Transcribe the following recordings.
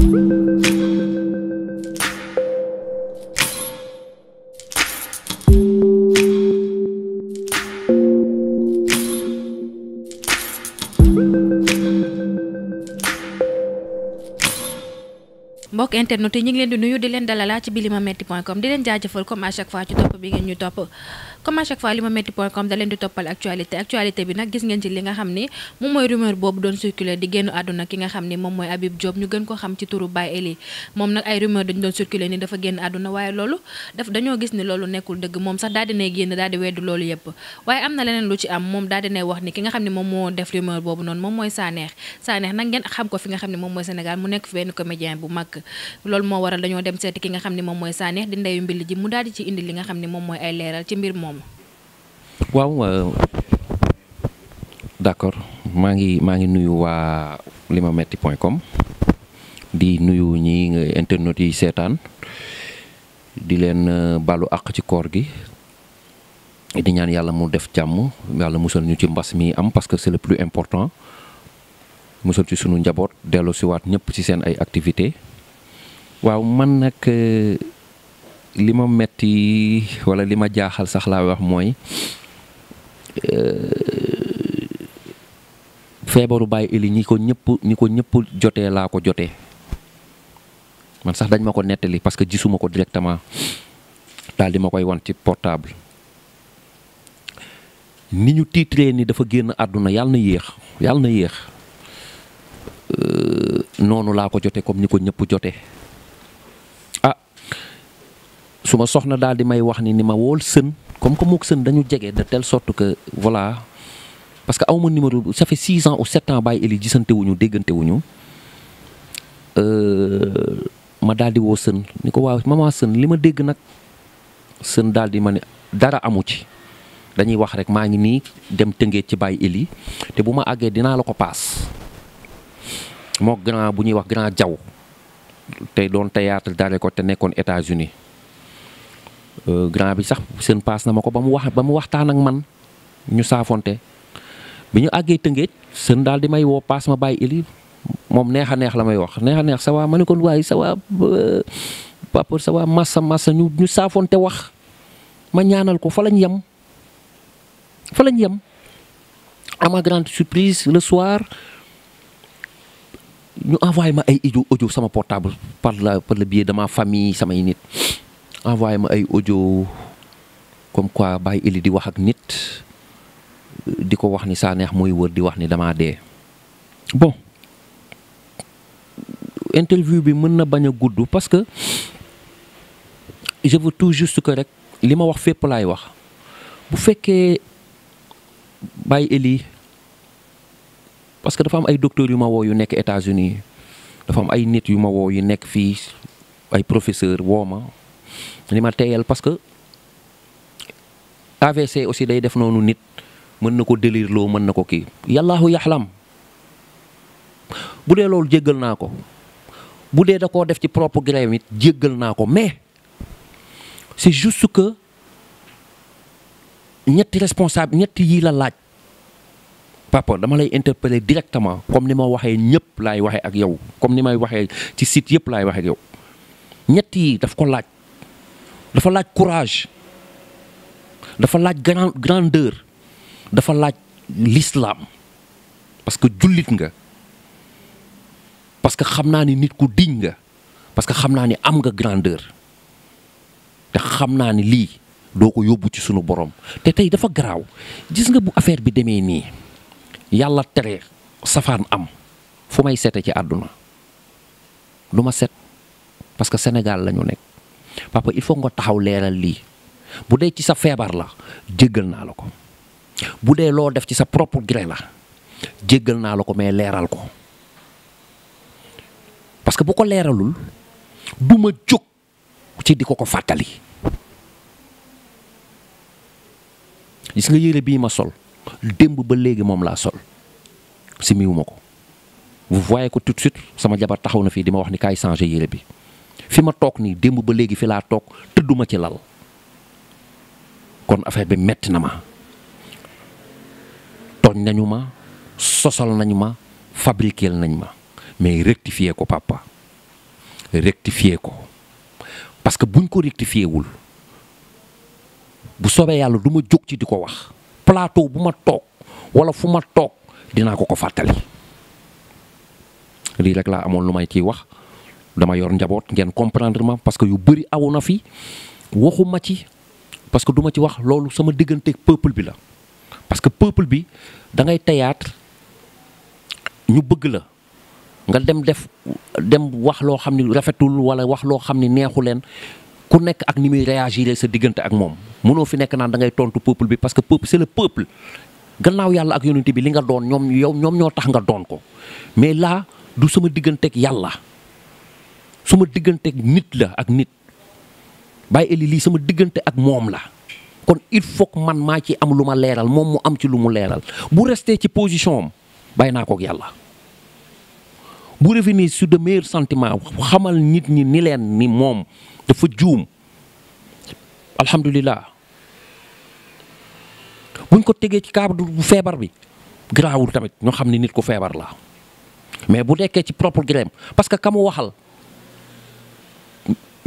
Música mbokk internet yi ñu ngi leen di nuyu di leen dalala ci bi limametti.com di leen jaajëfal comme à chaque fois ci topp bi ngeen ñu topp comme à chaque fois limametti.com da leen di toppal actualité actualité bi nag gis ngeen ci li nga xam ni moom mooy rumeur boobu doon circuler di génn àdduna ki nga xam ni moom mooy Habib Diop ñu gën ko xam ci turu Baye Eli moom nag ay rumeur dañ doon circuler ni dafa génn àdduna waaye loolu daf dañoo gis ni loolu nekkul dëgg moom sax daal dinay génn daal di weddu loolu yépp waaye am na leneen lu ki nga xam ni moom moo def rumeur boobu noonu moom mooy Sanex Sanex nag ngeen xam nga xam ni moom mooy Sénégal mu nekk fi benn comédien bu lol mo waral dañu dem seeti ki nga xamni mom moy Sané di ndey mbil ji mu dal di ci indi li nga xamni mom moy ay léral ci mbir mom waaw euh, d'accord mangi ngi ngi nuyu wa limametti point di nuyu ñi internet yi sétane di len euh, balu ak ci koor gi. di ñaan yalla mu def jàmm yàlla musal ñu ci mbass mi am parce que c'est le plus important musul ci sunu delo ci wat ñep ci sen ay activités waaw man nag euh, li ma metti wala li ma jaaxal sax laa wax mooy euh, feebaru Baye Ely ñi ko ñëpp ñi ko ñëpp jotee laa ko jotee man sax dañ ma ko nettali parce que gisuma ko directement daal di ma koy wan ci portable ni ñu tiitree ni dafa génn àdduna yàlla na yéex yàlla na yéex euh, noonu laa ko jotee comme ni ko ñëpp jotee. su ma soxna daal di may wax ni ni ma wool sën comme que mook sën dañu jege de tele sorte que voilà parce que aw ma numéro ça fait six ans ou sept ans bàyyi éli gisante wuñu déggante wuñu euh, ma daal di woo sën ni ko waaw mama sën li ma dégg nag sën daal di ma ne dara amu ci dañuy wax rek maa ngi nii dem tëngee ci bàyyi éli te bu ma àggee dinaa la ko paas moo grand bu ñuy wax grand jaw tey doon théâtre daale ko te nekkoon États-Unis Eh, grand bi sax seen pass na mako ko wax ba waxtaan ak man ñu safonté biñu aggé teungé seen dal di may wo pass ma bay ili mom neex a neex la may wax neex neex sa waa kon waaye sa waa euh, pour sa massa massa ñu ñu safonté wax ma ñaanal ko fa lañ yam fa lañ yam à ma grande surprise le soir ñu envoyer ma ay audio audio sama portable par la par le biais de ma famille sama nit envoyé ma ay audio comme quoi Baye Ely di wax ak nit di ko wax ni saa neex mooy wër di wax ni damaa dee bon interview bi mën na bañ a gudd parce que je veux tout juste que rek li ma wax fépp laay wax bu fekkee Baye Ely parce que dafa am ay docteurs yu ma woo yu nekk États-Unis dafa am ay nit yu ma woo yu nekk fii ay professeur woo ma li ma teeyal parce que AVC aussi day def noonu nit mën na ko délire loo mën na ko kii yàllaahu yaxlam bu dee loolu jéggal naa ko bu dee da koo def ci propre gré it jéggal naa ko mais c'est juste que ñetti responsable ñetti yii la laaj papa dama lay interpeller directement comme ni ma waxee ñëpp laay waxee ak yow comme ni may waxee ci site yëpp laay waxee ak yow ñetti yi daf ko laaj. dafa laaj courage dafa laaj grand dafa laaj l'islam parce que jullit nga parce que xam naa ni nit ku diñ nga parce que xam naa ni am nga grandeur te xam naa ni lii doo ko yóbbu ci sunu borom te tey dafa garaaw gis nga bu affaire bi demee nii yàlla tere safaan am fu may sete ci àdduna du ma set parce que Sénégal la nekk. papa il faut nga taxaw leeral lii bu dee ci sa feebar la jéggal naa la ko bu dee loo def ci sa propre gré la jéggal naa la ko mais leeral ko parce que bu ko leeralul du ma jóg ci di ko ko fàttali. gis nga yére bii ma sol démb ba léegi moom laa sol si miwu ma ko vous voyez ko tout de suite sama jabar taxaw na fii di ma wax ni kay changer yére bi. fi ma tok ni dembu ba legi fi laa toog ci lal kon affaire bi metti na ma togn nañu ma sosal nañu ma fabriquer nañu ma mais rectifier ko papa rectifier ko parce que buñ ko rectifier wul bu sobe yalla duma ci di wax plateau tok tok wala fuma tok dina ko ko fatali lii rek la amon lumay ci wax dama yor njaboot ngeen comprendre ma parce que yu bëri awu na fi waxuma ci parce que du ma ci wax loolu sama digganteeg peuple bi la. parce que peuple bi da ngay théâtre ñu bëgg la nga dem def dem wax loo xam ni rafetul wala wax loo xam ni neexu leen ku nekk ak ni muy réagir sa diggante ak moom mënoo fi nekk naan da ngay tontu peuple bi parce que peuple c'est le peuple gannaaw yàlla ak yonent bi li nga doon ñoom yow ñoom ñoo tax nga doon ko mais là du sama digganteeg yàlla. suma diggante nit la ak nit bàyyi eli lii sama diggante ak moom la kon il faut man maa ci am lu ma leeral moom mu am ci lu mu leeral bu restee ci position am bàyyi naa ko yàlla bu revenir sur de meilleurs sentiments xamal nit ñi ni leen ni moom dafa juum alhamdulilah buñ ko tegee ci cadre bu feebar bi garaawul tamit ñoo xam ne nit ku feebar la mais bu nekkee ci propre grème parce que kamu waxal.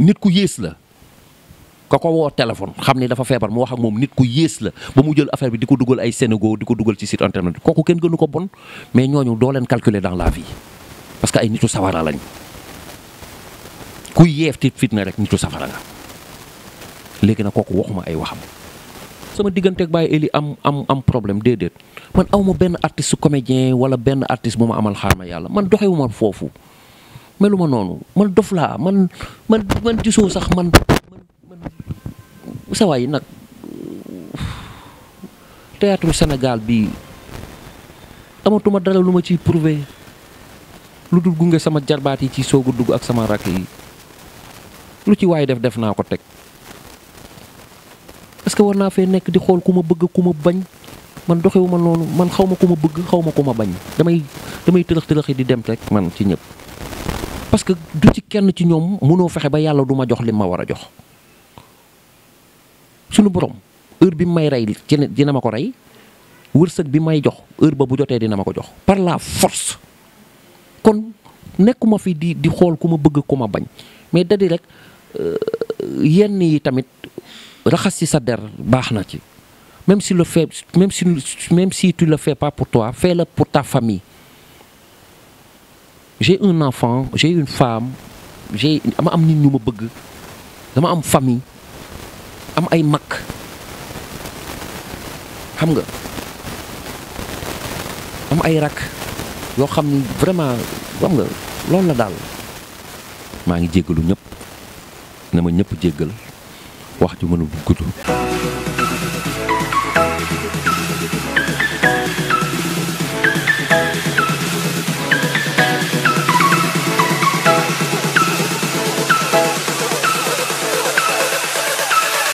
nit ku yées la ka ko woo téléphone xam ni dafa feebar mu wax ak moom nit ku yées la ba mu jël affaire bi di ko dugal ay Sénégal di ko dugal ci site internet kooku kenn gënu ko bon mais ñooñu doo leen calculer dans la vie parce que ay nitu safara lañ ku yeef tit fitna rek nitu safara nga léegi nag kooku waxuma ay waxam. sama digganteeg Baye Eli am am am problème déedéet man awma benn artiste comédien wala benn artiste bu ma amal xaar ma yàlla man doxewuma foofu. meluma noonu man dof laa man man man gisoo sax man man sawaay yi nag théâtre Sénégal bi amatuma dara lu ma ciy prouver lu dul gunge sama jarbaat yi ci soogu dugg ak sama rakk yi lu ci waaye def def naa ko teg est que war naa fee nekk di xool ku ma bëgg ku ma bañ man doxewu ma noonu man xaw ma ku ma bëgg xaw ma ku ma bañ damay damay tëlëx tëlëxi di dem rek man ci ñëpp parce que du ci kenn ci ñoom mënoo fexe ba yàlla du ma jox li ma war a jox suñu borom heure bi may rey dina ma ko rey wërsëg bi may jox heure ba bu jotee dina ma ko jox par la force kon nekkuma fi di di xool ku ma bëgg ku ma bañ mais da di rek euh, yenn yi tamit raxas ci sa der baax na ci même si le fait même si même si tu le fais pas pour toi fais-le pour ta famille j'ai un enfant j'ai une femme j'ai dama am nit ñu ma bëgg dama am famille am ay mak. xam nga am ay rak yo xam vraiment xam nga loolu la j'ai maa ngi jéggalu ñëpp na ñëpp jéggal wax ju mënu gudd